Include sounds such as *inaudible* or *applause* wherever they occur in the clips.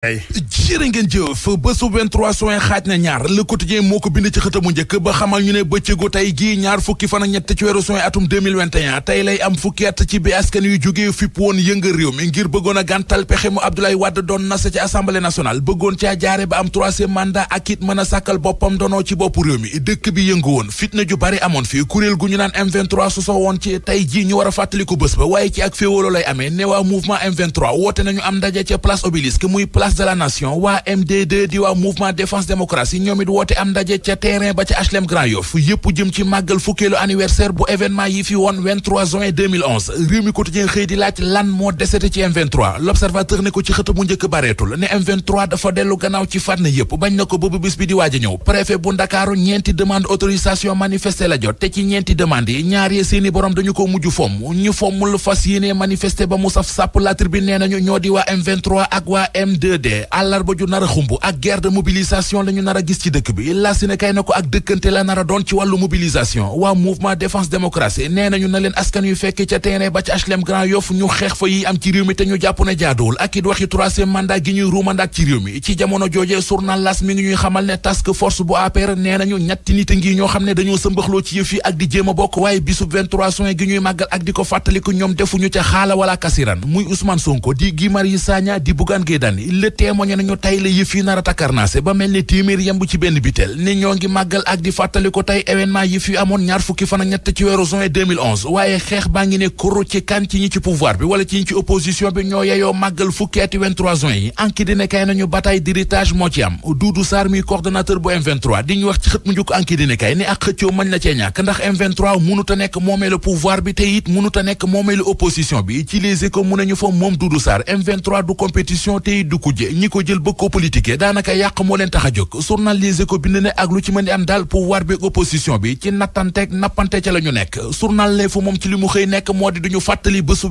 jërë ngeen jëf bésu 23 juin xaaj na ñaar le quotidien moo ko bind ci xamal ñu ne bëccëgu tey gii ñaar fukki fan ak ñett atum 2021 tey lay am fukki at ci bi askan yu jógee fipp woon yëngal réew mi ngir bëggoon a gantal pexe mu Abdoulaye Wade doon nasa ci assemblée nationale bëggoon caa jaare ba am troisième mandat ak it mën a sàkkal boppam donoo ci bopp réew mi dëkk bi yëngu woon fitna ju bari amoon fi kuréel gu ñu naan M23 ci tey jii ñu war a fàttaliku bés ba waaye ci ak féewaloo lay amee ne waa woote nañu am ndaje ca place Obélisque muy place place de la nation waa MDD di waa mouvement défense démocratie ñoom it woote am ndaje ca terrain ba ca HLM Grand Yoff yëpp jëm ci màggal fukkeelu anniversaire bu événement yi fi woon 23 juin 2011 réew mi quotidien xëy di laaj lan moo desete ci M23 l'observateur ne ko ci xëta mu njëkk bareetul ne M23 dafa dellu gannaaw ci fànn yëpp bañ na ko boobu bis bi di waaj a ñëw préfet bu Ndakaaru ñeenti demande autorisation manifester la jot te ci ñeenti demande yi ñaar yee seeni borom dañu ko mujj fomm ñu fommul fas yéenee di waa tëddee àllarba ju nar xumb ak guerre de mobilisation la gis ci dëkk bi la na ko ak dëkkante la nar doon ci wàllu mobilisation waa mouvement défense démocratie nee nañu na askan yu fekkee ca terrain ba ci HLM Grand Yoff ñu xeex fa yi am ci réew mi te ñu jàpp ne jaaduwul ak it waxi troisième mandat gi ñuy ruumandaak ci réew mi ci jamono joojee journal L'As mi ngi ñuy xamal ne task force bu APR nee nañu ñetti nit a ngi ñoo xam ne le témoigné nañu tey la yëf yi nar a takkarnaase ba mel ni téeméer yemb ci benn biteel ni ñoo ngi màggal ak di fàttali ko tey événement yëf yi amoon ñaar fukki fan ak ñett ci weeru juin 2011 waaye xeex baa ngi ne koro ci kan ci ñi ci pouvoir bi wala ci ñi ci opposition bi ñoo yeyoo màggal fukki ati 23 yi enquête dina kay nañu bataille moo ci am Doudou Sarr mi coordonnateur bu M23 di ñu wax xët mu njukk enquête dina ak xëccoo mën na cee ñàkk ndax M23 mënut a nekk bi te M23 du mujje ñi ko jël bëgg ko politique daanaka yàq moo leen tax a jóg journal Les Échos bind ne ak lu ci mën am daal pouvoir bi opposition bi ci nattanteeg nappante ca la nekk journal Le Fou moom ci li mu xëy nekk moo di duñu fàttali bésu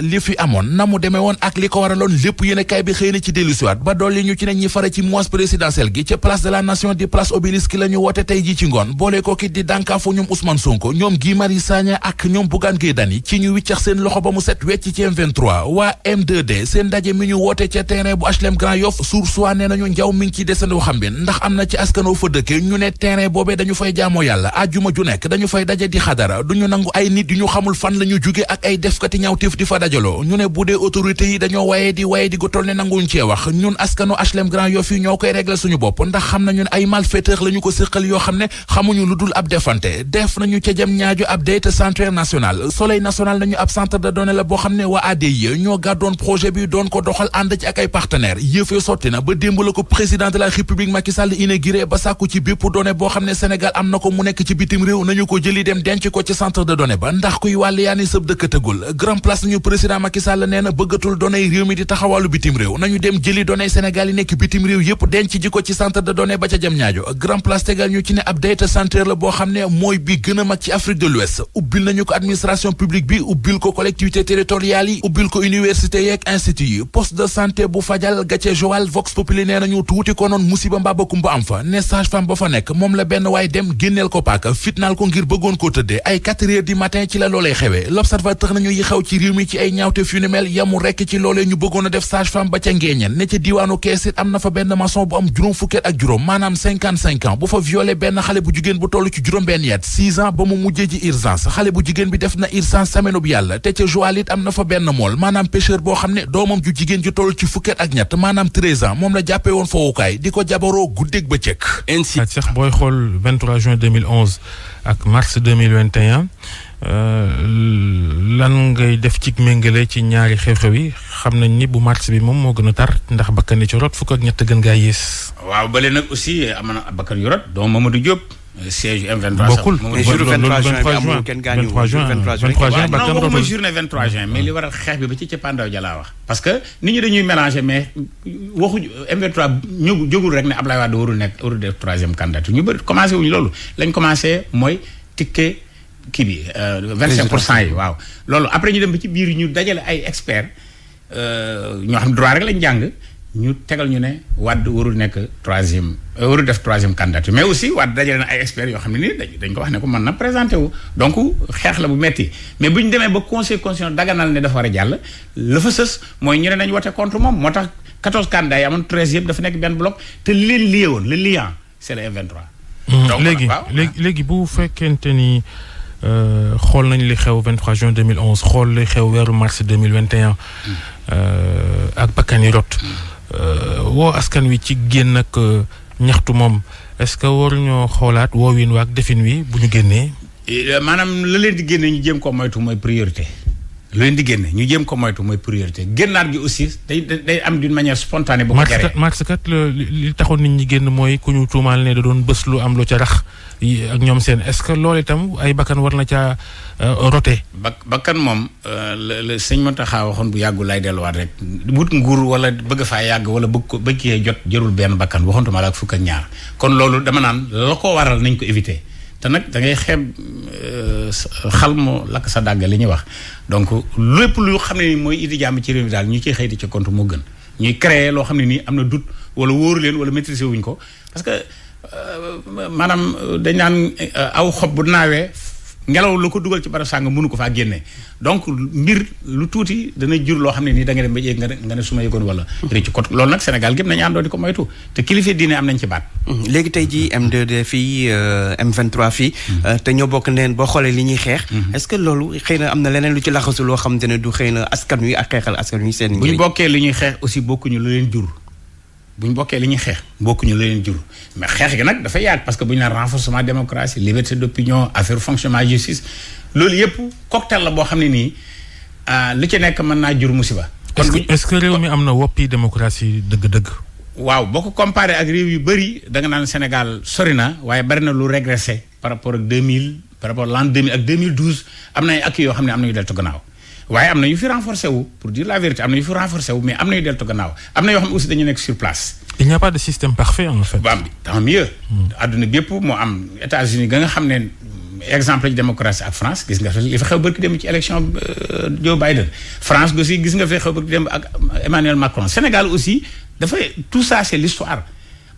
li fi amoon na mu demee woon ak li ko waraloon lépp yéen kaay bi xëy na ci dellu siwaat ba dolli ñu ci ne ñi fare ci mois présidentiel gi ca place de la nation di place Obélisque la ñu woote tey ji ci ngoon boole ca terrain bu HLM Grand Yoff suur suwaa nee nañu njaw mi ngi ciy desandi waxam bi ndax am na ci askanoo fa dëkke ñu ne terrain boobee dañu fay jaamoo yàlla ajjuma ju nekk dañu fay daje di xadara duñu nangu ay nit yu ñu xamul fan la ñu jóge ak ay defkati ñaawteef di fa dajaloo ñu ne bu dee autorité yi dañoo waye di waye di gu toll ne nanguñ cee wax ñun askano HLM Grand Yoff yi ñoo koy régler suñu bopp ndax xam nañu ne ay malfaiteur la ñu ko séqal yoo xam ne xamuñu lu dul ab defante def nañu ca jëm ñaaju ab date centre national nañu ab de données la boo xam ne waa ADI ñoo gàddoon projet bi doon ko ànd ci ak ay partenaires yëf ya sotti na ba démb la ko président de la république Macky Sall inauguré ba sàkku ci bépp données boo xam ne Sénégal am na ko mu nekk ci bitim réew nañu ko jëli dem denc ko ci centre de données ba ndax kuy wàll yaa ni sëb dëkk grand place nañu président Macky Sall bëggatul données réew mi di taxawalu bitim réew nañu dem jëli données Sénégal yi nekk bitim réew yëpp denc ji ko ci centre de données ba ca jëm ñaajo grand place santé bu fajal ga ca Joal Vox Populi nee nañu tuuti ko noon musiba mbaabakumba am fa ne sage ba fa nekk moom la benn waay dem génneel ko paaka fitnaal ko ngir bëggoon ko tëddee ay 4 heures du matin ci la loolee xewee l'observateur nañu yi xaw ci réew mi ci ay ñaawte fu ni yamu rekk ci loolee ñu bëggoon a def sage-femme ba ca ngeeñeen ne ca diiwaanu kees it am na fa benn maçon bu am juróom fukket ak juróom maanaam 55 ans bu xale bu jigéen bu toll ci juróom benn yet 6 ans ba mu mujjee bu jigéen bi def na urgence semaine bu yàlla te ca Joal it am fa benn maanaam pêcheur boo xam ne doomam ju ci fukket ak ñett maanaam treize ans moom la jàppee woon foowukaay di ko jabaroo guddeeg bëccëg ainsi ah, sax booy xool 23 juin 2011 ak mars 2021 euh, lan ngay def ci méngale ci ñaari xew-xew yi xam nañ ni bu mars bi moom moo gën a tar ndax bakkan yi ci rot fukk ak ñett gën gaa yées waaw bale nag aussi am na bakkan yu rot doom Mamadou Diop siège M23 bokkul mais jour 23 juin bi amul kenn gaañu 23 juin 23 juin non waxuma journée 23 juin mais li waral xeex bi ba ci cappaandaw ja laa wax. parce que nit ñi dañuy mélanger mais waxuñu M23 ñu jógul rek ne Ablaye Wade warul nekk warul def troisième candidature ñu bëri commencé wuñu loolu lañ commencé mooy ticket kii bi. 25 euh, pour cent yi waaw. loolu après ñu dem ba ci biir ñu dajale ay experts euh, ñoo xam droit rek lañ jàng. ñu tegal ñu ne Wade warul nekk troisième euh, warul def troisième candidature mais aussi Wade dajale na ay experts yoo xam ne nii dañ dañ ko wax ne ko mën na présenté wu donc xeex la bu metti mais bu ñu demee ba conseil constitutionnel daganal ne dafa war a jàll la fa sës mooy ñu ne nañ wote contre moom moo tax quatorze candidats yi amoon treize yëpp dafa nekk benn bloc te li leen lié woon le lien c'est le M23 donc léegi léegi bu fekkente ni euh, xool nañ li xew 23 juin 2011 xool li xew weeru mars 2021 euh, ak bakkan yi rot Euh, woo askan wi ci génn ak euh, ñaxtu moom est-ce que waruñoo xoolaat woowin waak defin wi bu ñu génnee. Eh, maanaam la leen di génne ñu jëm ko moytu mooy priorité. lu leen di génne ñu jéem ko moytu mooy priorité génnaat gi aussi day day am d'une manière spontanée. bu ko jaree Max kat li taxoon nit ñi génn mooy ku ñu tuumaal ne da doon bës lu am lu ca rax ak ñoom seen est-ce que loolu itam ay bakkan war na caa euh, rote. ba bakkan moom la euh, la sëñ Mountakha waxoon bu yàggu lay delluwaat rek wut nguur wala bëgg faa yàgg wala bëgg ko bëgg cee jot jërul benn bakkan waxantuma la ak fukk ak ñaar kon loolu dama naan la ko waral nañ ko éviter. te nag da ngay xeeb euh, xal mu lakk sa dàgg li ñuy wax donc lépp lu xam ne ni mooy indi jàmm ci réew mi daal ñu ciy xëy di ci compte moo gën ñuy créer loo xam ne nii am na doute wala wóoru leen wala maîtriser wuñ ko parce que euh, maanaam dañ naan euh, aw xob bu naawee ngelaw lu ko dugal ci barab sàng mënu ko faa génne donc mbir lu tuuti dana jur loo xam ne nii da nga dem ba jeeg nga ne nga ne su ma yëgoon wala rëcc ko loolu nag Sénégal gépp nañu àndoo di ko moytu te kilifa diine am nañ ci baat mm-hmm. léegi tey jii M2D fii euh, M23 fii mm-hmm. euh, te ñoo bokk neen boo xoolee li ñuy xeex mm-hmm. est-ce que loolu xëy na am na leneen lu ci laxasu loo xam te ne du xëy na askan wi ak xeexal askan wi seen bu ñu bokkee li ñuy xeex aussi bokkuñu lu leen jur bu ñu bokkee li ñuy xeex bokkuñu la leen jur mais xeex gi nag dafa yaat parce que bu ñu naan renforcement démocratie liberté d'opinion affaire fonctionnement justice loolu yëpp cocktail la boo xam ne nii ah, lu ci nekk mën naa jur musiba. kon est-ce que réew mi am na woppi démocratie dëgg-dëgg. waaw boo ko comparé ak réew yu bëri da nga naan Sénégal sori na waaye bari na lu régressé par rapport ak deux mille par rapport l'an deux mille ak am na ay acquis yoo xam ne am nañu deltu gannaaw. waaye am na yu fi renforcé wu pour dire la vérité am na yu fi renforcé wu mais am na yu deltu gannaaw am na yoo xam ne aussi dañu a pas de ba nga xam ne mm, exemple ci démocratie ak France gis nga fa li fa xew bërki dem ci élection euh, Joe Biden France aussi gis nga fa xew bërki dem ak euh, Emmanuel Macron Sénégal aussi dafay tout ça c'est l'histoire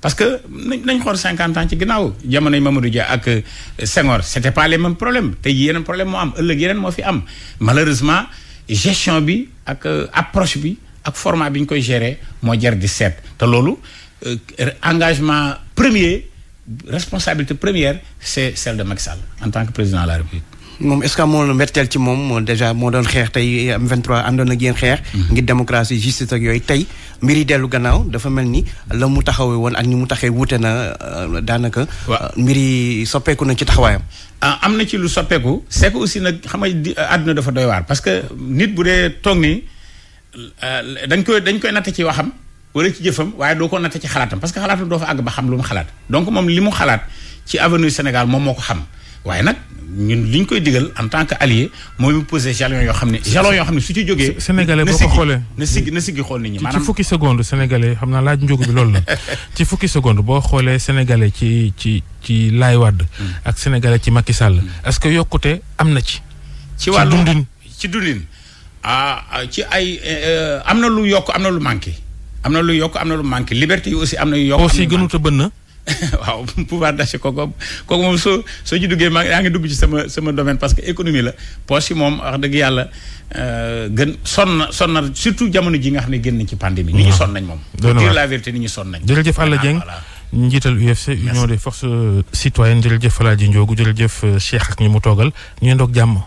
parce que nañ xool cinquante ans ci ginnaaw jamonoy du Dia ak euh, Senghor c'était pas les mêmes problème tey jii yeneen problème moo am ëllëg yeneen moo fi am malheureusement gestion bi ak euh, approche bi ak format bi ñu koy gérer moo jar di seet te loolu euh, engagement premier responsabilité première c'est celle de Macky Sall en tant que président de la République moom est-ce que amoon na mbetteel ci moom déjà moo doon xeex tey am 23 àndoon ak yéen xeex. Mm-hmm. ngir démocratie justice ak yooyu tey mbir yi dellu gannaaw dafa mel ni la mu taxawee woon ak ni mu taxee wuute na euh, daanaka. Euh, mbir yi soppeeku na ci taxawaayam. Ah, am na ci lu soppeeku. c'est que aussi xam nga euh, àdduna dafa doy waar parce que nit bu dee toog nii dañ koy dañ koy natt ci waxam wala ci jëfam waaye doo ko natt ci xalaatam parce que xalaatam doo fa àgg ba xam lu mu xalaat donc moom li mu xalaat ci avenue Sénégal moom moo ko xam. waaye nag ñun li ñu koy digal en tant que allié mooy mu posé jalon yoo xam ne jalon yoo xam ne su ci jógee sénégalais boo xoolee na siggi na siggi xool nit ñi maanaam ci fukki seconde sénégalais xam naa laaj njóg bi loolu la *laughs* ci fukki seconde boo xoolee sénégalais ci ci ci Laay Wàdd hmm. ak sénégalais ci Macky Sall hmm. est que yokkute am na ci ci wàllu dundin ci dundin ah ci ay euh, am na lu yokk am na lu manqué am na lu yokk am na lu manqué liberté yi aussi am na yu yokk aussi gënut a bënn *laughs* waaw pouvoir d'achat kooku kooku moom soo soo ci duggee maa yaa ngi dugg ci sama sama domaine parce que économie la poche yi moom wax dëgg yàlla euh, gën sonn na sonn na surtout jamono ji nga xam ne génn nañ ci pandémie ni ñu sonn nañ moom pour dire la vérité ni ñu sonn nañ jërëjëf Alla Dieng njiital UFC union des forces euh, citoyennes jërëjëf Alaaji Njoogu jëf euh, Cheikh ak ñi mu toogal ñu ndoog jàmm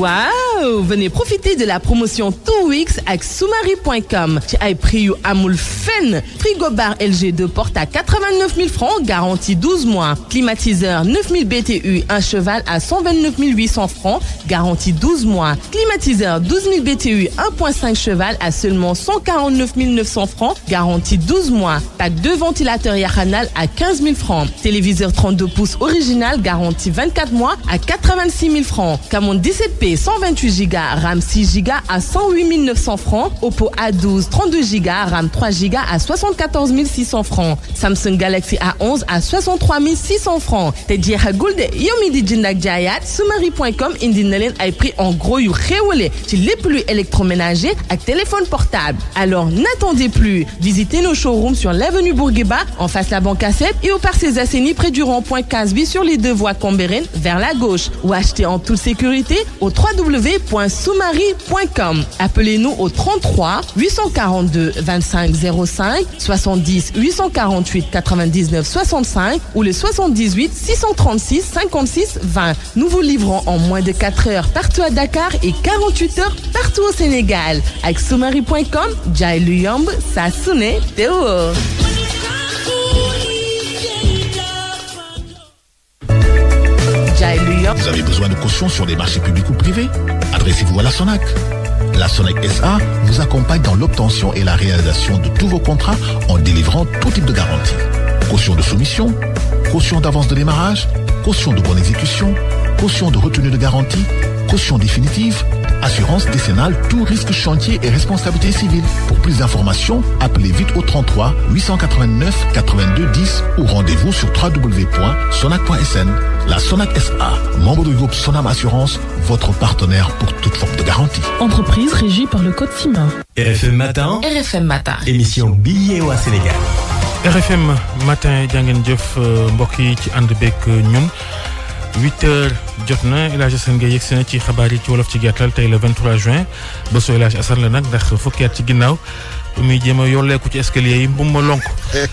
waaw waaw venez profiter de la promotion two weeks ak soumari.com ci ay prix yu amul fenn frigo bar LG 2 porte à 89 000 francs garantie 12 mois climatiseur BTU un cheval à 129 800 francs garantie 12 mois climatiseur 12 000 BTU 1.5 à seulement 149 900 francs garantie 12 mois pack 2 ventilateurs Yahanal à 15 000 francs téléviseur 32 pouces original garantie 24 mois à 86 000 francs Camon p 28 Go, RAM 6 à 108 900 francs. Oppo A12 32 Go, RAM 3 Go à 74 600 francs. Samsung Galaxy A11 à 63 600 francs. te jeexagul de yow mi di jënd ak jaayaat indi na leen ay prix en gros yu xéewale ci lépp luy électroménager ak téléphone portable. Alors n'attendez plus, visitez nos showrooms sur l'avenue Bourguiba en face la Banque ACEP et au Parcelles Assainies près du rond-point sur les deux voies Cambérène vers la gauche ou achetez en toute sécurité au w www.soumari.com. Appelez-nous au 33 842 25 05 70 848 99 65 ou le 78 636 56 20. Nous vous livrons en moins de 4 heures partout à Dakar et 48 heures partout au Sénégal. Avec soumari.com, Jai Luyomb, Sassoune, Théo. Vous Adressez-vous à la SONAC. La SONAC SA vous accompagne dans l'obtention et la réalisation de tous vos contrats en délivrant tout type de garantie. Caution de soumission, caution d'avance de démarrage, caution de bonne exécution, caution de retenue de garantie, caution définitive, assurance décennale, tout risque chantier et responsabilité civile. Pour plus d'informations, appelez vite au 33 889 82 Assurance, votre partenaire pour toute forme de garantie. Entreprise régie Émission billée au Sénégal. RFM Matin euh, mbokk yi ci ànd beeg euh, huit heures jot na El Hadj Assane Gueye yegsi na ci xabaar yi ci wolof ci gàttal tey le 23 juin ba soo El Hadj Assane la nag ndax fukki at ci ginnaaw. bu muy jéem a yolleeku ci escalier yi bu ma lonk. *laughs*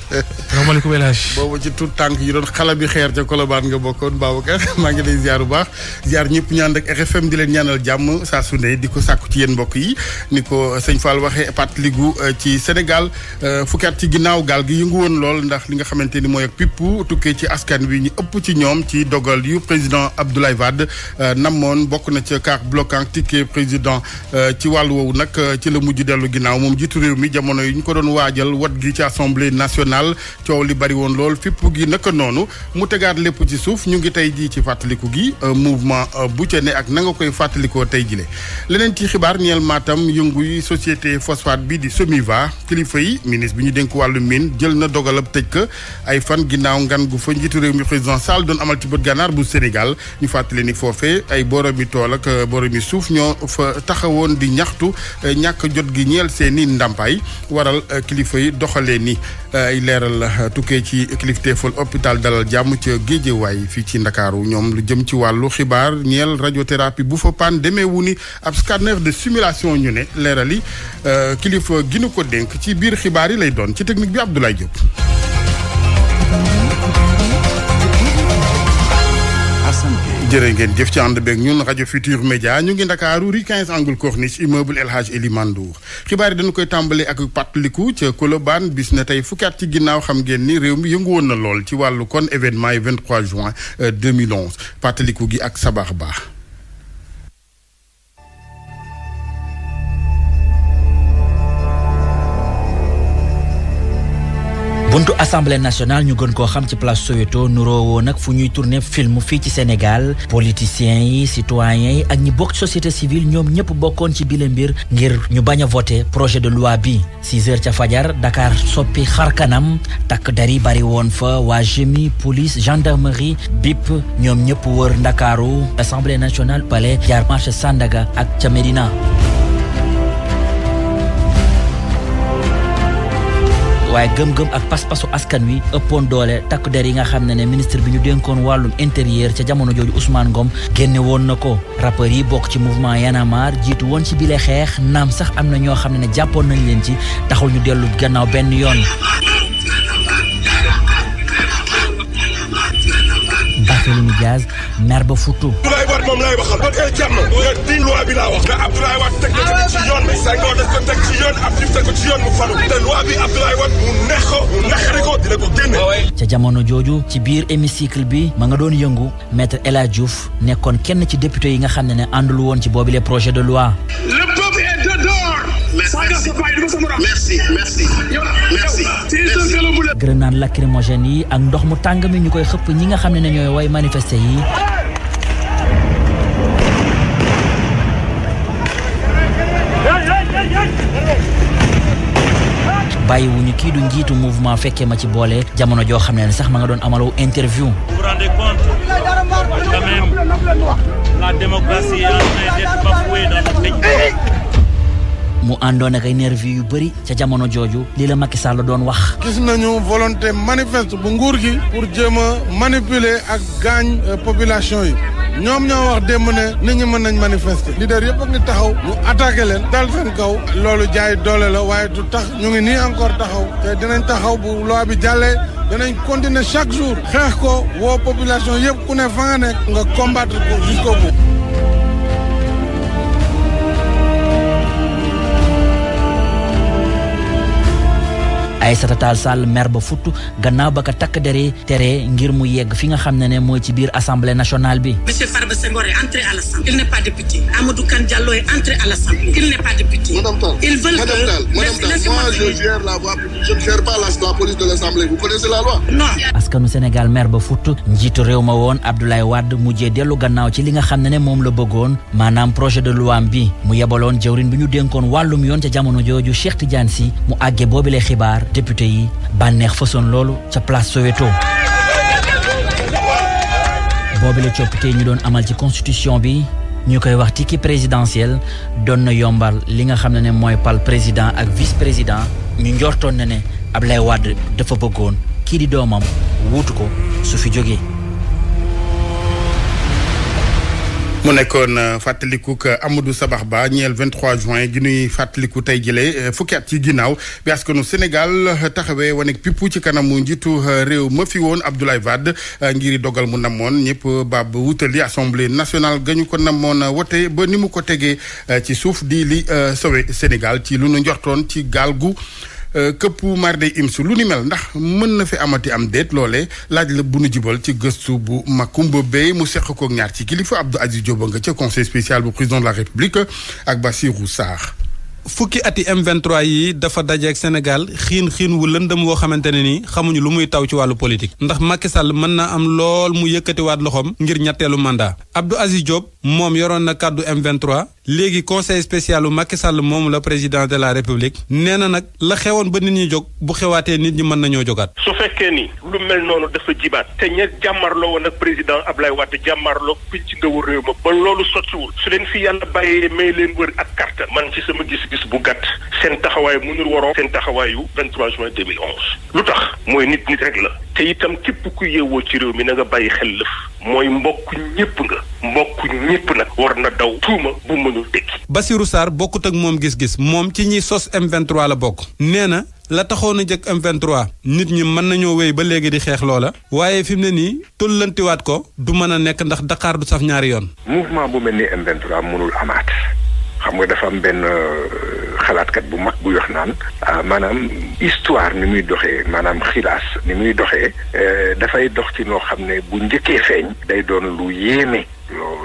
salaamaaleykum El Hadj. boobu ci tout tànk yi doon xala bi xeer ca Colobane nga bokkoon Babacar *laughs* maa ngi lay ziar bu baax ziar ñëpp ñaan ànd ak RFM di leen ñaanal jàmm saa su di ko sàkku ci yéen mbokk yi ni ko sëñ Fall waxee fàttaliku euh, ci Sénégal euh, fukki at ci ginnaaw gaal gi yëngu woon lool ndax li nga xamante ni mooy ak pipp tukkee ci askan wi ñu ëpp ci ñoom ci dogal yu président Abdoulaye Wade euh, namoon bokk na ca car bloquant ticket président woowu nag ci la mujj dellu ginnaaw moom jiitu réew mi jamono yi ñu ko doon waajal wat gi ci assemblée nationale coow li bari woon lool fipp gi naka noonu mu tegaat lépp ci suuf ñu ngi tey jii ci fàttaliku gi euh, mouvement euh, bu ca ne ak na nga koy fàttalikoo tey jile leneen ci xibaar ñeel Matam yëngu société phosphate bi di Somiva kilifa yi ministre bi ñu dénk wàllu mine jël na dogalab tëj ka ay fan ginnaaw ngan gu fa njiitu réew mi président Sall doon amal ci bët gànnaar bu Sénégal ñu fàttali ni foofe ay waral euh, kilifa yi doxalee ni euh, ay leeral euh, tukkee ci kilifteeful hôpital dalal jàmm ca Géejewaay fii ci Ndakaaru ñoom lu jëm ci wàllu xibaar ñeel radiothérapie bu fa pan demee ni ab scanner de simulation ñu ne leeral yi kilifa gi ko dénk ci biir xibaar yi lay doon ci technique bi Abdoulaye Diop. jëre ngeen jëf ci ànd beeg ñun rajo Futur Média ñu ngi ndakaaru rue 15 angle corniche immeuble El Hadj Mandour xibaar yi dañu koy tàmbali ak pàttaliku ca Colobane bis ne tey fukki ci ginnaaw xam ngeen ni réew mi yëngu woon na lool ci wàllu kon événement yi 23 juin 2011 euh, pàttaliku gi ak sabar baax buntu assemblée nationale ñu gën koo xam ci place Soweto nuroo woo nag fu ñuy tourner film fii ci Sénégal politiciens yi citoyens yi ak ñi bokk société civile ñoom ñëpp bokkoon ci bile mbir ngir ñu bañ a projet de loi bi six ca fajar Dakar soppi xarkanam takk dari bari woon fa waa GMI police gendarmerie BIP ñoom ñëpp wër Ndakaaru assemblée nationale palais jaar marché Sandaga ak ca Médina waaye gëm-gëm ak pas-pasu askan wi ëppoon doole takk der yi nga xam ne ne ministre bi ñu dénkoon wàllu intérieur ca jamono jooju Ousmane Ngom génne woon na ko rappeurs yi bokk ci mouvement Y'en a marre jiitu woon ci bile xeex naam sax am na ñoo xam ne jàppoon nañ leen ci taxul ñu dellu gannaaw benn yoon Barthélémy Diaz mer ci ca jamono jooju ci biir hémicycle bi ma nga doon yëngu maître El Hadj nekkoon kenn ci député yi nga xam ne ne àndul woon ci boobu projet de loi merci merci merci. grenade yi ak ndox mu tàng mi ñu koy xëpp ñi nga xam ne ñooy way manifester yi. bàyyiwuñu kii du njiitu mouvement fekkee ma ci boole jamono joo xam ne sax ma nga doon amalaw interview. mu àndoon ak ay nervi yu bëri ca jamono jooju lii la Macky la doon wax. gis nañu volonté manifeste bu nguur gi pour jéem a manipuler ak gaañ euh, population yi. ñoom ñoo wax démb ne nit ñi mën nañ manifester leader yëpp a ngi taxaw ñu attaqué leen dal seen kaw loolu jaay doole la waaye du tax ñu ngi nii encore taxaw te dinañ taxaw bu loi bi jàllee danañ continuer chaque jour xeex ko woo population yëpp ku ne fa nga nekk nga combattre ko jusqu'au bout Aïssata Tall Sall mer ba futt gannaaw ba ka takk dere tere ngir mu yegg fi nga xam ne ne mooy ci biir assemblée nationale bi. monsieur Farba Senghor est ba futt njiitu réew ma woon Abdoulaye Wade mujjee dellu gannaaw ci li nga xam ne ne moom la bëggoon maanaam projet de loi bi mu yebaloon jëwrin bi ñu dénkoon wàllum yoon ca jamono jooju Cheikh Tidiane Sy mu àggee boobi xibaar député yi bànneex façon loolu ca place Soweto boobu la coppite ñu doon amal ci constitution bi ñu koy wax ki présidentiel doon na yombal li nga xam ne mooy pal président ak vice président ñu njortoon na ne ab Ablaye Wade dafa bëggoon kii di doomam wuutu ko su fi jógee. mu nekkoon euh, fàttaliku Amadou Sabax Ba ñeel 23 juin gi nuy fàttaliku tey jëlee euh, fukki at ci ginnaaw bi askanu Sénégal euh, taxawee waneeg pipu ci kanamu njiitu réew ma fi woon Abdoulaye Wade ngir dogal mu namoon ñëpp baab wutali assemblée nationale gañu ko namoon wote ba ni mu ko tegee ci suuf di li sowe Sénégal ci lu nu njortoon ci gaal gu. Euh, këppu mardi imsu lu ni mel ndax mën na fi amati am déet loole laaj bu nu jibal ci gëstu bu Makumba Bey mu seq kook ñaar ci kilifa Abdou Aziz Diop nga ca conseil spécial bu président de la République ak Bassirou Sarr fukki ati M23 yi dafa dajeeg Sénégal xiin xiin wu lëndëm woo xamante ne nii xamuñu lu muy taw ci wàllu politique ndax Macky Sall mën naa am lool mu yëkkatiwaat loxoom ngir ñetteelu mandat Abdou Aziz Diop moom yoroon na kàddu M23 léegi conseil spécial u Macky Sall moom la président de la république nee na nag la xewoon ba nit ñi jog bu xewaatee nit ñi mën nañoo jogaat su fekkee ni lu mel noonu dafa jibaat te ña jàmmarloo woon ak président lay Wade jàmmarloo picc ndawu réew ma ba loolu sottiwul su leen fi yàlla bàyyee may leen wër ak carte man ci sama gis-gis bu gàtt seen taxawaay mënul waroo seen taxawaayu 23 juin 2011 lu tax mooy nit nit rek la. te itam képp ku yeewoo ci réew mi na nga bàyyi xel lëf mooy mbokk ñëpp nga mbokk ñëpp nag war na daw tuuma bu mënul dëkki basiru Sarr bokkut ak moom gis-gis moom ci ñi sos m la bokk nee na la taxoon a jëkk m nit ñi mën nañoo wéy ba léegi di xeex loola waaye fi mu ne nii tollantiwaat ko du mën a nekk ndax daqaar du saf ñaari yoon mouvement bu mel ni M23 mënul amaat xam nga dafa am benn euh, xalaatkat bu mag bu yox naan ah, maanaam histoire ni muy doxee maanaam xilaas ni muy doxee eh, dafay dox ci noo xam ne bu njëkkee feeñ day doon lu yéeme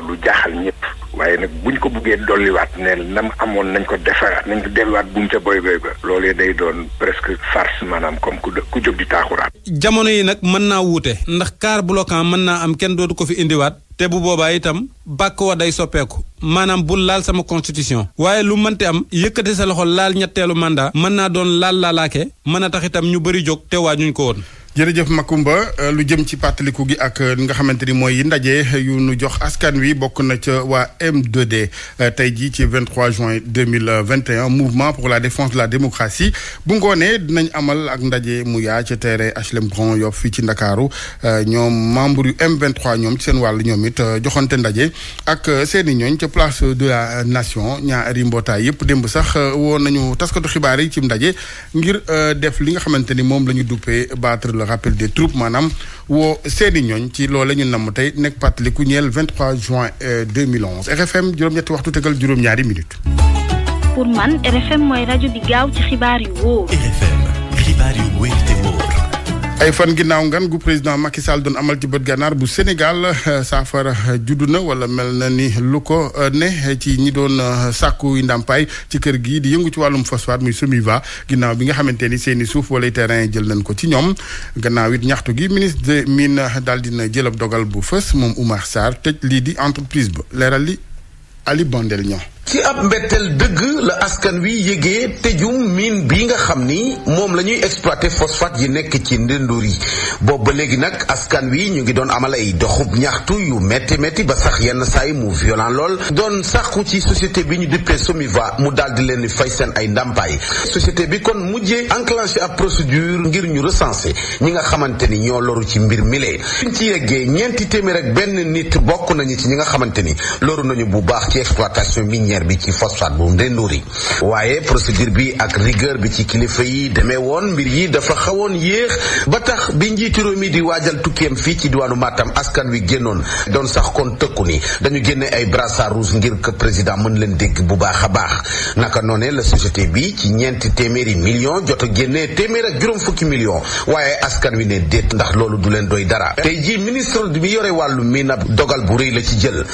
lu jaaxal ñëpp waaye nag bu ñu ko buggee dolliwaat ne nam amoon nañ ko defaraat nañ ko delluwaat buñ ca boy boy ba loolee day doon presque farce maanaam comme ku ku jóg di taaxuraat. jamono yi nag mën naa wuute ndax car bloquant mën naa am kenn doodu ko fi indiwaat. te bu boobaa itam bàkk wa day soppeeku maanaam bul laal sama constitution waaye lu mënti am yëkkati sa loxo laal ñetteelu mandat mën naa doon laal laalaake mën a tax itam ñu bëri jóg te waajuñ ko woon. jërëjëf Makumba euh, lu jëm ci pàttaliku gi ak euh, li nga xamante ni mooy ndaje yu nu jox askan wi bokk na ca waa M2D euh, tey jii ci 23 juin 2021 mouvement pour la défense de la démocratie bu ngoonee dinañ amal ak ndaje mu yaa ca terrain HLM Grand Yoff fii ci Ndakaaru ñoom membre yu m ñoom ci seen wàll ñoomit joxante ndaje ak seen i ñooñ ca place de la nation ñaari mbootaay yëpp démb sax woon nañu taskatu xibaar yi ci ndaje ngir def li nga xamante ni moom la ñu duppee battre le rappel des troupes maanaam woo seeni ñooñ ci loole ñu namm tey nekk pàttaliku ñeel 23 juin 2011 euh, RFM juróom-ñetti waxtu tegal juróom-ñaari minutes. pour man RFM mooy rajo bi gaaw ci xibaar yu wóor. RFM xibaar yu wóor te ay fan ginnaaw ngan gu président Macky Sall doon amal ci bët gànnaar bu Sénégal euh, saafara juddu na wala mel na ni lu ko euh, ne ci ñi doon euh, sàkku ndàmpaay ci kër gii di yëngu ci wàllum phosphate muy SOMIVA ginnaaw bi nga xamante ni seeni suuf wala terrain jël nañ ko ci ñoom gannaaw it ñaxtu gi ministre des mines daal dina jëlab dogal bu fës moom Oumar Sarr tëj lii di entreprise bi leerali li Ali Bandel ñoom ci ab mbetteel dëgg la askan wi yëgee tëjum mine bi nga xam ni moom la ñuy exploité phosphate yi nekk ci ndëndoor yi boobu ba léegi nag askan wi ñu ngi doon amal ay doxub ñaxtu yu métti métti ba sax yenn saa yi mu violent lool doon sàqu ci société bi ñu dippee SOMIVA mu daal di leen fay seen ay ndàmpaay société bi kon mujjee enclenché ab procédure ngir ñu recensé ñi nga xamante ni ñoo loru ci mbir milee ñu ci yeggee ñeenti téeméer ak benn nit bokk nañu ci ñi nga xamante ni loru nañu bu baax ci exploitation minière pépinière bi ci phosphate bu Ndendour yi waaye procédure bi ak rigueur bi ci kilifa yi demee mbir yi dafa xawoon yéex ba tax bi njiitu mi di waajal tukkeem fii ci diwaanu Matam askan wi génnoon doon sax kon tëkku ni dañu génne ay brassard rouge ngir que président mën leen dégg bu baax a baax naka noonee la société bi ci ñeenti téeméeri million jot a génnee téeméer ak juróom fukki million waaye askan wi ne déet ndax loolu du leen doy dara tey jii ministre mi na la ci jël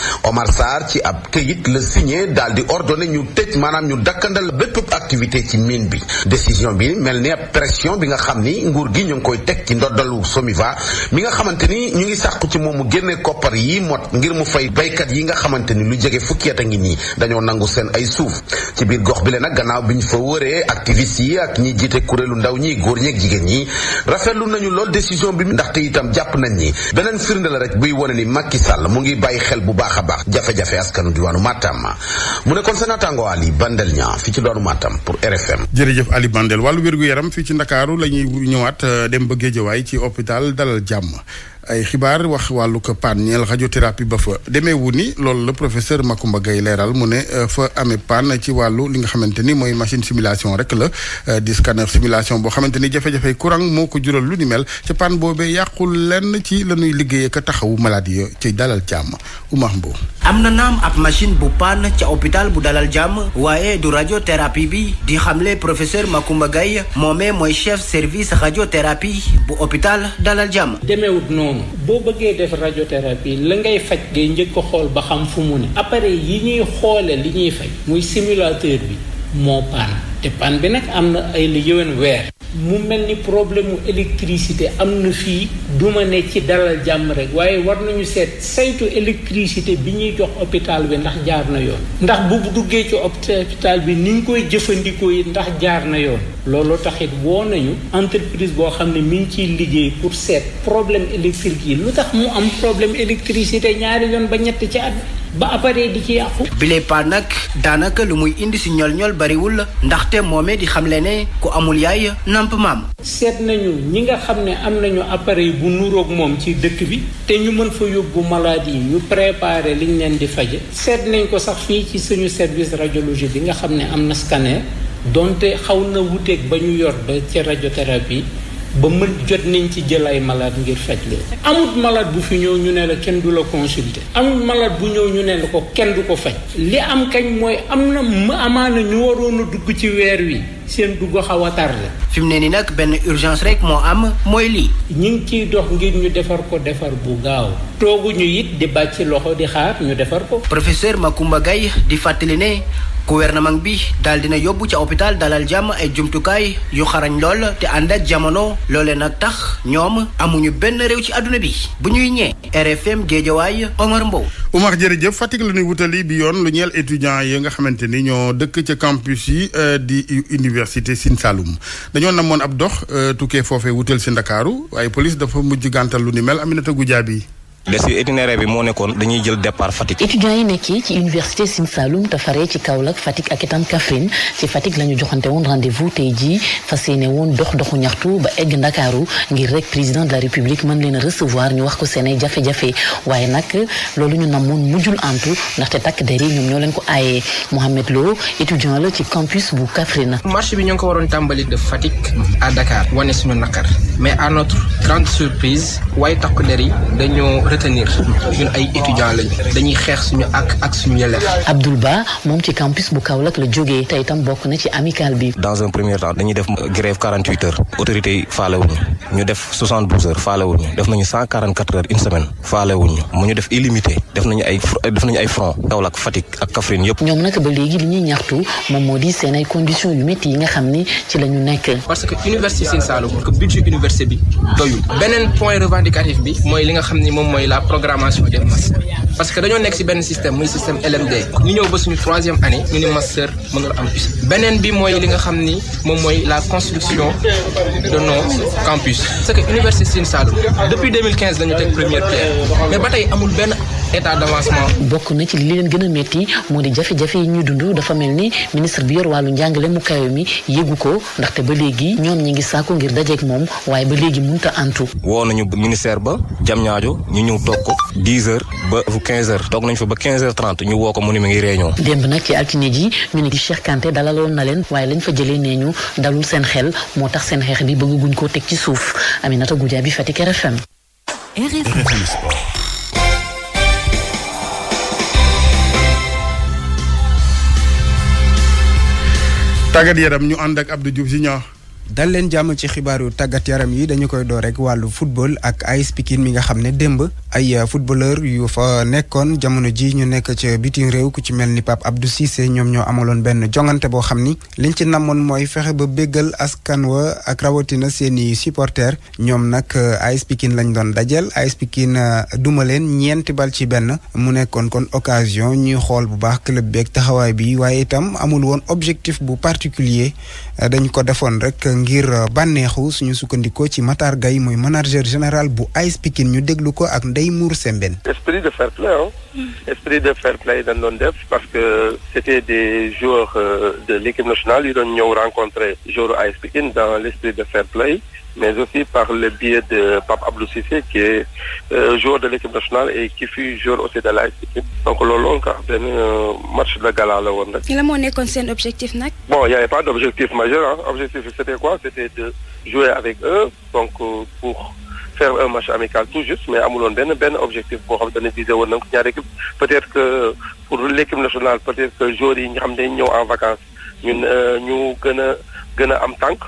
daal di ordonné ñu tëj maanaam ñu dakkandal bépp activité ci mine bi décision bi mel ni ab pression bi nga xam ni nguur gi ñu ngi koy teg ci ndoddalu SOMIVA mi nga xamante ni ñu ngi sàqu ci moom mu génne koppar yi mot ngir mu fay baykat yi nga xamante ni lu jege fukki a ngi nii dañoo nangu seen ay ci biir gox bi le nag gannaaw bi ñu fa wëree activistes yi ak ñi jiite kuréelu ndaw ñi góor ñeeg jigéen ñi rafetlu nañu lool décision bi ndaxte itam jàpp nañ ñi beneen firnde la rek buy wone ni Macky Sall mu ngi bàyyi xel bu baax a baax jafe-jafe askanu diwaanu Matam mu nekkoon sa naataango Ali Bandel ñaa fii ci doonu Matam pour RFM. jërëjëf Ali Bandel wàllu wér yaram fii ci Ndakaaru la ñuy ñëwaat euh, dem ba Géejawaay ci hôpital Dalal Jàmm ay xibaar wax wàllu ko panne ñeel radiothérapie ba fa demeewu ni loolu la professeur Macoumba gay leeral mu ne euh, fa amee panne ci wàllu li nga xamante ni mooy machine simulation rek la euh, di scanner boo xamante ni jafe-jafe courant moo ko jural lu ni mel ca panne boobee yàqul lenn ci la ñuy liggéeyee ka taxawu malade yi ci dalal jàmm Oumar Mbow. am na naam ab machine bu panne ca hôpital bu dalal jàmm waaye du radiothérapie bi di xamle professeur Macoumba Gaye moomee mooy chef service radiothérapie bu hôpital dalal jàmm. demeewut boo bëggee def radiothérapie la ngay faj ngay njëkk ko xool ba xam fu mu ne appareil yi ñuy xoole li ñuy faj muy simulateur bi moo paan te paan bi nag am na ay lu yëwen weer mu mel ni problème mu électricité am na fii duma ne ci dalal jàmm rek waaye war nañu seet saytu électricité bi ñuy jox hôpital bi ndax jaar na yoon ndax bu duggee ci hôpital bi ni ñu koy jëfandikoo yi ndax jaar na yoon loolu taxit woo nañu entreprise boo xam ne mi ngi ciy liggéey pour seet problème électrique yi lu tax mu am problème électricité ñaari yoon ba ñett ci at ba appareil di ci yàqu. bile pa nag daanaka lu muy indi si ñol-ñol bariwul ndaxte moomee di xamle ne ku amul yaay namp maam. seet nañu ñi nga xam ne am nañu appareil bu nuroog moom ci dëkk bi te ñu mën fa yóbbu maladie yi ñu préparer liñ leen di faje seet nañ ko sax fii ci suñu service radiologie bi nga xam ne am na scanner donte xaw na wuteeg ba ñu yor ba ci radiothérapie. ba mën jot niñ ci jël ay malade ngir faj leen amut malade bu fi ñëw ñu ne la kenn du la consulter amut malade bu ñëw ñu ne la ko kenn du ko faj li am kañ mooy am na mu amaana ñu waroon a dugg ci weer wi seen dugg xaw a tardé fi mu ne nii nag benn urgence rek moo am mooy lii ñu ngi ciy dox ngir ñu defar ko defar bu gaaw tooguñu it di bàcc loxo di xaar ñu defar ko professeur Macoumba Gaye di fàttali ne gouvernement bi daal dina yóbbu ca hôpital dalal jàmm ay jumtukaay yu xarañ lool te ànd ak jamono loole nag tax ñoom amuñu benn réew ci àdduna bi bu ñuy ñee RFM Géejawaay Omar Mbow. Omar jërëjëf Fatick la ñuy wutali bi yoon lu ñeel étudiants yi nga xamante ni ñoo dëkk ca campus yi euh, di université Sine Saloum dañoo namoon ab dox euh, tukkee foofee wutal si Ndakaaru waaye police dafa mujj gàntal lu ni mel Aminata Goudiaby des itinéraire bi moo nekkoon dañuy jël départ Fatick. étudiants yi nekkee ci université Sine Saloum te faree ci Kaolack Fatick ak itam Kaffrine ci Fatick la ñu joxante woon rendez-vous tey jii fas yéene woon dox doxu ñaxtu ba egg Ndakaaru ngir rek président de la République mën leen recevoir ñu wax ko seen jafe-jafe waaye nag loolu ñu namoon mujjul antu ndaxte takk der yi ñoom ñoo leen ko aayee Mohamed Lo étudiant la ci campus bu Kaffrine. marche bi ñu ngi ko waroon tàmbali de Fatick à Dakar wane suñu naqar mais à notre grande surprise retenir ñun ay étudiants lañu dañuy xeex suñu ak ak suñu yelleef. Abdoul Ba moom ci campus bu Kaolack la jógee tey itam bokk na ci amical bi. dans un premier temps dañuy def grève 48 heures autorités faalewuñu ñu def faalewuñu def nañu une semaine faalewuñu mu ñu def illimité def nañu ay front Kaolack Fatick ak Kaffrine yëpp. ñoom nag ba léegi li ñuy ñaxtu moom moo di seen ay conditions yu métti yi nga xam ni ci la nekk. beneen point revendicatif la programmation des masters parce que dañoo nekk ci benn système muy système LMD ñu ñëw ba suñu troisième ñu ni master mënul am beneen bi mooy li nga xam ni moom mooy la construction de nos campus parce que université Sine Saloum depuis 2015 la ñu teg première pierre mais ba tey amul benn état d'avancement. bokk na ci li leen gën a métti moo di jafe-jafe yi ñuy dund dafa mel ni ministre bi yor wàllu njàngale mu kayo mi yëgu ko ndaxte ba léegi ñoom ñi ngi sàkku ngir dajeeg moom waaye ba léegi mënut a antu. woo nañu ministère ba jam ñaajo ñu ñëw toog ko dix heures ba quinze heures toog nañ fa ba quinze heures trente ñu woo ko mu ni mi ngi réunion. démb nag ci altine ji ñu ne Cheikh Kanté dalaloon na leen waaye lañ fa jëlee nee ñu dalul seen xel moo tax seen xeex bi bëgg guñ koo teg ci suuf Aminata Goudia bi Fatick RFM. RFM Sport. tàggat yaram ñu ànd ak Abdou Diouf Junior dal leen jàmm ci xibaaru tàggat yaram yi dañu koy door rek wàllu football ak AS Pikine mi nga xam ne démb ay euh, footballeur yu fa nekkoon jamono ji ñu nekk ci bitim réew ku ci mel ni Pape Abdou Cissé ñoom ñoo amaloon benn jongante boo xam ni liñ ci namoon mooy fexe ba béggal askan wa ak rawatina seeni supporters ñoom nag euh, AS Pikine lañ doon dajeel AS Pikine euh, duma leen ñeenti bal ci benn mu nekkoon kon occasion ñuy xool bu baax club beeg taxawaay bi waaye itam amul woon objectif bu particulier dañ ko defoon rek. ngir euh, bànneexu suñu sukkandikoo ci Matar Gaye mooy manager général bu AS Pikine ñu déglu ko ak Ndeye Mour Sembène esprit de fair play mm. esprit de fair play dañ doon def parce que c'était des joueurs euh, de l'équipe nationale yu doon ñëw rencontrer joueurs AS Pikine dans l'esprit de fair play mais aussi par le biais de Pape Abdou Cissé qui est euh, de l'équipe nationale et qui fut joueur aussi de l'AS Pikine donc loolu encore benn euh, match de gala la woon rek. la moo nekkoon objectif nag. bon y avait pas d'objectif majeur ah objectif bi c'était quoi c'était de jouer avec eux donc euh, pour faire un match amical tout juste mais amuloon benn benn objectif boo xam dana visé woon na ko ñaari équipe peut-être que pour l'équipe nationale peut-être que joueurs yi nga xam ne ñëw en vacances ñun euh, ñu gën a gën a am tànk.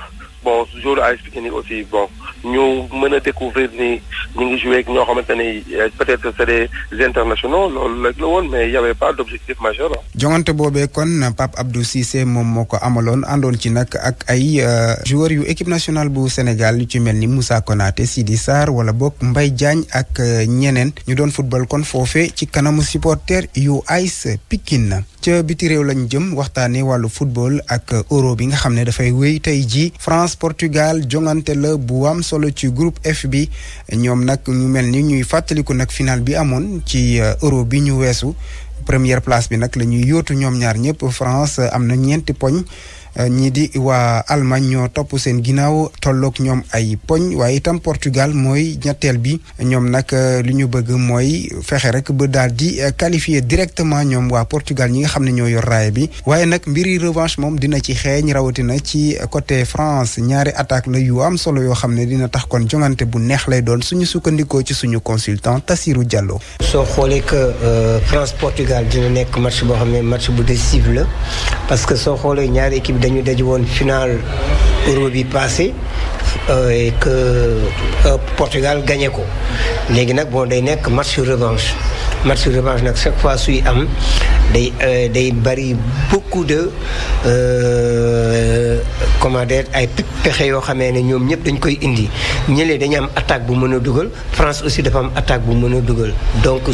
bon jour AS Pikine yi aussi bon ñu mën a découvrir ni ñu ngi joué ak ñoo xamante ni euh, peut-être c'est des internationaux loolu la woon mais y pas d'objectif majeur jongante boobee kon Pape Abdou Cissé moom moo ko amaloon àndoon ci nag ak ay euh, joueurs yu équipe nationale bu Sénégal yu ci mel ni Moussa Konaté di Sarr wala bokk mbay Diagne ak euh, ñeneen ñu doon football kon foofe ci kanamu supporter yu AS na ca biti réew lañ jëm waxtaanee wàllu football ak euro bi nga xam ne dafay wéy tey jii France Portugal jongante la bu am solo ci groupe F bi ñoom nag ñu mel ni ñuy fàttaliku nag final bi amoon ci euh, euro bi ñu weesu première place bi nag la ñuy yóotu ñoom ñaar ñëpp France am na ñeenti poñ. Euh, ñii di waa Allemagne ñoo topp seen ginnaaw tolloog ñoom ay poñ waaye itam Portugal mooy ñetteel bi ñoom nag euh, li ñu bëgg mooy fexe rek ba daal di euh, qualifier directement ñoom waa Portugal ñi nga xam ne ñoo yor raay bi waaye nag mbiri revanche moom dina ci xeeñ rawatina ci côté France ñaari attaque la yu am solo yoo xam ne dina tax kon jongante bu neex lay doon suñu sukkandikoo ci suñu consultant Tassirou Diallo. soo xoolee que France Portugal dina nekk match boo xam ne bu décisif la dañu daje woon final euro bi passé euh, que euh, Portugal gagné ko léegi nag bon day nekk match revanche match revanche nag chaque fois suy am day euh, day bari beaucoup de comment dire ay pexe yoo xamee ne ñoom ñëpp dañ koy indi ñële dañu am attaque bu mën a dugal France aussi dafa am attaque bu mën a dugal donc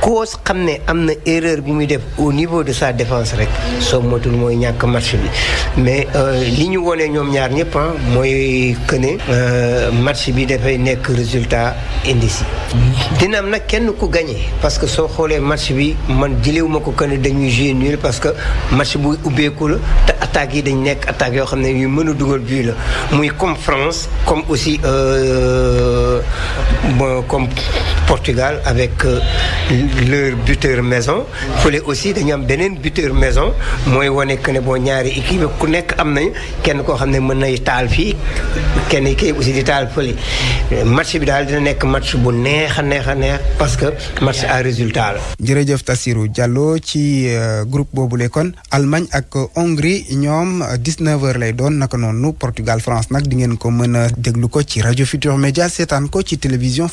koo xam ne am na erreur bu muy def au niveau de sa défense rek soo motul mooy ñàkk match bi mais euh, li ñu wone ñoom ñaar ñëpp ah mooy que ne euh, match bi dafay nekk résultat indi si am nag kenn ku gagné parce que soo xoolee match bi man jëlewuma ko que ne dañuy jouer nul parce que match bu ubbeeku la te attaques yi dañ nekk attaques yoo mën a dugal bii la muy comme France comme aussi euh, bon comme. Portugal avec euh, leur buteur maison fële aussi dañu am beneen buteur maison mooy wone que ne boo ñaari équipe ku nekk am nañu kenn koo xam ne mën nay taal fii kenn kii aussi di taal fële match bi daal dina nekk match bu neex a neex a neex parce que match à résultat la. jërëjëf Tassirou Diallo ci euh, groupe boobule kon Allemagne ak Hongrie ñoom 19h lay doon naka noonu Portugal France nag di ko mën a déglu ko ci rajo Futur Média seetaan ko ci télévision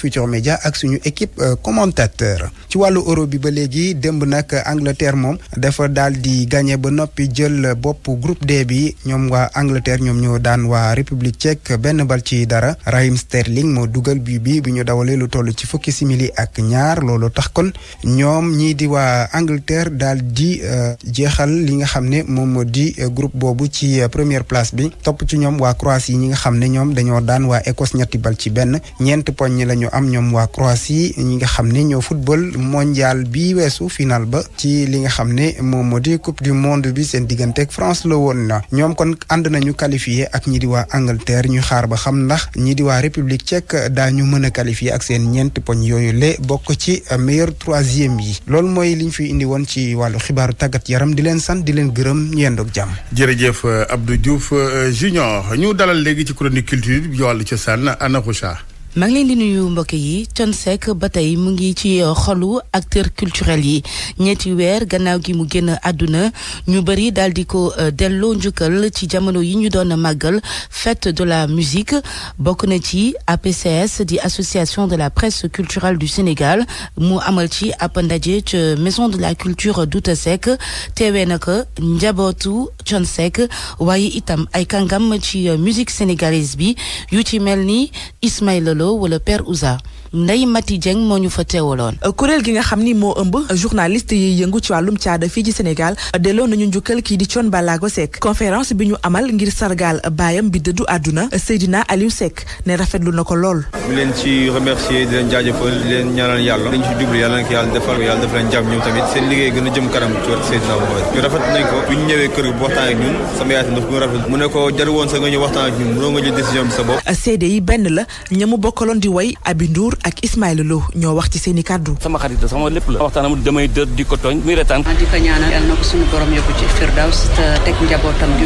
équipe euh, commentateur ci wàllu euro bi ba léegi démb nag Angleterre moom defa daal di gagné ba noppi jël bopp groupe D bi ñoom waa Angleterre ñoom ñoo daan waa République tchèque benn bal ci dara Raheem Sterling moo dugal but bi bi ñu dawalee lu toll ci fukki simili ak ñaar loolu tax kon ñoom ñii di waa Angleterre daal di euh, jeexal li nga xam ne moom moo di euh, groupe boobu ci première place bi topp ci ñoom waa Croatie ñi nga xam ne ñoom dañoo daan waa Écosse ñetti bal ci benn ñeent poñ la ñu am ñoom waa Croatie ci ñi nga xam ne ñoo football mondial bi weesu final ba ci li nga xam ne moom moo di coupe du monde bi seen digganteeg France la woon na ñoom kon ànd nañu qualifié ak ñi di waa Angleterre ñu xaar ba xam ndax ñi di waa République tchèque daañu mën a qualifié ak seen ñeenti poñ yooyu le bokk ci meilleur troisième yi loolu mooy liñ fi indi woon ci wàllu xibaaru tàggat yaram di leen sant di leen gërëm yendoog jàmm. jërëjëf Abdou Diouf euh, junior ñu dalal léegi ci chronique culture bi wàllu cosaan Anna maa ngi leen di nuyu mbokk yi Thione Seck ba tey mu ngi ci euh, xolu acteur culturel yi ñetti weer gannaaw gi mu génn àdduna ñu bëri daal di ko euh, delloo njukkal ci jamono yi ñu doon màggal fête de la musique bokk na ci APCS di association de la presse culturale du Sénégal mu amal ci ab ndaje ci maison de la culture Douta Seck teewee na njabootu Thione Seck waaye itam ay kàngam ci euh, musique sénégalaise bi yu ci mel ni Ismaïla Diallo wala Père Ousa Ndeye Mati Dieng moo ñu fa teewaloon. Euh, kuréel gi nga xam ni moo ëmb journaliste yiy yëngu ci wàllum caada fii ci Sénégal euh, delloo nañu njukkal kii di Thione Ballago Seck conférence bi ñu amal ngir sargaal baayam bi dëddu àdduna Seydina Aliou Seck ne rafetlu na ko lool. di leen ci remercier di leen jaajëfal di defal yàlla def leen jàmm gën a jëm kanam ci wàllu Seydina nañ ko bu mu ne ko jar woon sa nga ñëw waxtaan ak ñun mënoo nga jël décision bi sa bopp. seede euh, yi benn la ñamu bokkaloon di way Abi Ndour ak Ismaïla loo ñoo wax ci seen i kàddu sama xarit sama lépp la waxtaanam damay dër di ko tooñ muy retaan di ko ñaanal yàlla na ko suñu borom yóbbu ci firdaws te teg njabootam bi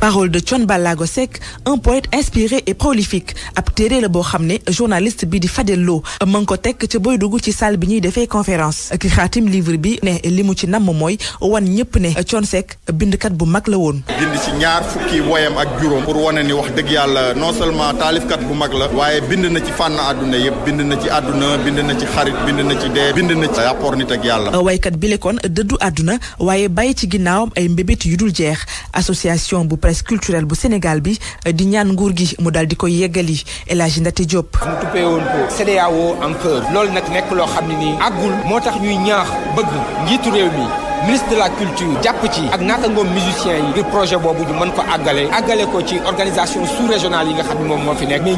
parole de Thione Ballago Seck un poète inspiré et prolifique ab téere la boo xam ne journaliste bi di Fadel loo ma ngi ko teg ca booy dugg ci salle bi ñuy defee conférence ki xaatim livre bi ne li mu ci namm mooy wan ñëpp ne Thione Seck bindkat bu mag la woon bind ci ñaar fukki woyam ak juróom pour wane ni wax dëgg yàlla non seulement taalifkat bu mag la waaye bind na ci yëpp bind na ci àdduna bind na ci xarit bind na ci dee bind na ci rapport nit ak yàlla euh, waykat bi le kon dëddu àdduna waaye bàyyi ci ginnaawam ay mbébét yu dul jeex association bu presque culturel bu Sénégal bi euh, di ñaan nguur gi mu daal di koy yeggali El Hadji Ndate Diop mu tuppee ko CEDEAO en cœur loolu nag nekk loo xam ne nii àggul moo tax ñuy ñaax bëgg njiitu réew mi ministre de la culture jàpp ci ak naata ngoom musiciens yi ngir projet boobu ñu mën ko àggale àggale ko ci organisation sous régionale yi nga xam ne moom moo fi nekk mais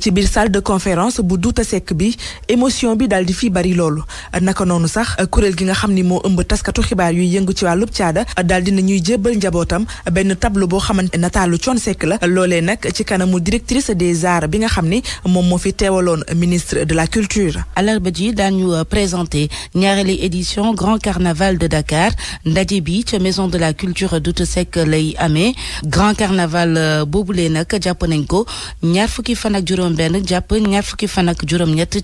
ci biir salle de conférence bu Douta Seck bi émotion bi daal di fi bari loolu naka noonu sax kuréel gi nga xam ni moo ëmb taskatu xibaar yuy yëngu ci wàllub caada daal di ñuy jébbal njabootam benn tableau boo xamante nataalu coon Seck la loolee nag ci kanamu directrice des arts bi nga xam ni moom moo fi teewaloon ministre de la culture. alarba ji daañu présenté woote ñaareeli édition grand carnaval de Dakar ndaje bi ca maison de la culture Douta Seck lay amee grand carnaval euh, boobule nag jàpp nañ ko ñaar fukki fan ak juróom-benn jàpp ñaar fukki fan ak juróom-ñett